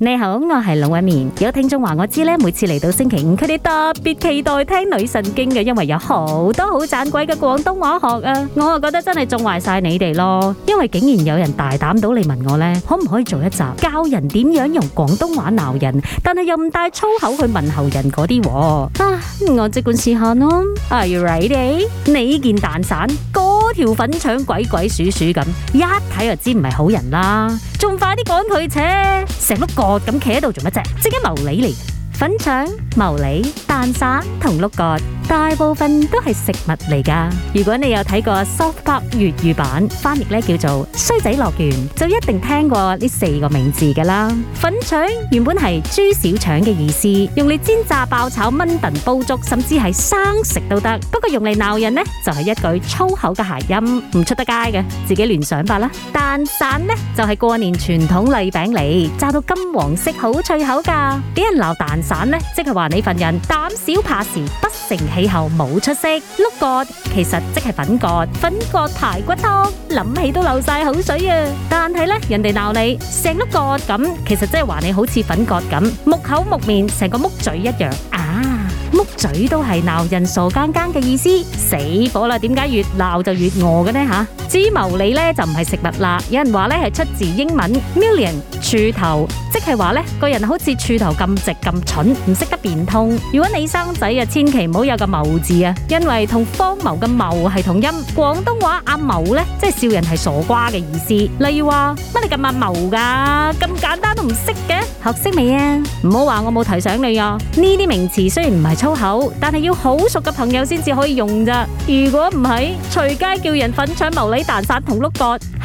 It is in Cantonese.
你好，我係龍紋敏。有聽眾話我知咧，每次嚟到星期五，佢哋特別期待聽女神經嘅，因為有好多好盞鬼嘅廣東話學啊。我啊覺得真係中壞晒你哋咯，因為竟然有人大膽到嚟問我咧，可唔可以做一集教人點樣用廣東話鬧人，但係又唔帶粗口去問候人嗰啲。啊。啊，我即管試下咯。Are you ready？你件蛋散。條粉腸鬼鬼祟祟，咁，一睇就知唔係好人啦，仲快啲趕佢扯，成碌角咁企喺度做乜啫？即刻謀你嚟。粉腸、牟利、蛋散同碌葛，大部分都係食物嚟噶。如果你有睇過 South Park 粵語版翻譯咧，叫做衰仔樂園，就一定聽過呢四個名字噶啦。粉腸原本係豬小腸嘅意思，用嚟煎炸、爆炒、炆燉、煲粥，甚至係生食都得。不過用嚟鬧人咧，就係一句粗口嘅諧音，唔出得街嘅，自己聯想吧啦。蛋散咧，就係過年傳統禮餅嚟，炸到金黃色，好脆口噶。俾人鬧蛋散。散呢，即係話你份人膽小怕事，不成氣候，冇出息。碌葛其實即係粉葛，粉葛排骨湯，諗起都流晒口水啊！但係呢，人哋鬧你成碌葛咁，其實即係話你好似粉葛咁，木口木面，成個木嘴一樣啊！木嘴都係鬧人傻更更嘅意思，死火啦！點解越鬧就越餓嘅呢？吓、啊，至茂利呢就唔係食物啦，有人話呢係出自英文 million 柱頭。即係話咧，個人好似柱頭咁直咁蠢，唔識得變通。如果你生仔啊，千祈唔好有個謀字啊，因為同荒謬嘅謀係同音。廣東話阿謀咧，即係笑人係傻瓜嘅意思。例如話乜你咁乜謀噶？咁簡單都唔識嘅，學識未啊？唔好話我冇提醒你啊！呢啲名詞雖然唔係粗口，但係要好熟嘅朋友先至可以用咋。如果唔係，隨街叫人粉腸謀利蛋散同碌葛，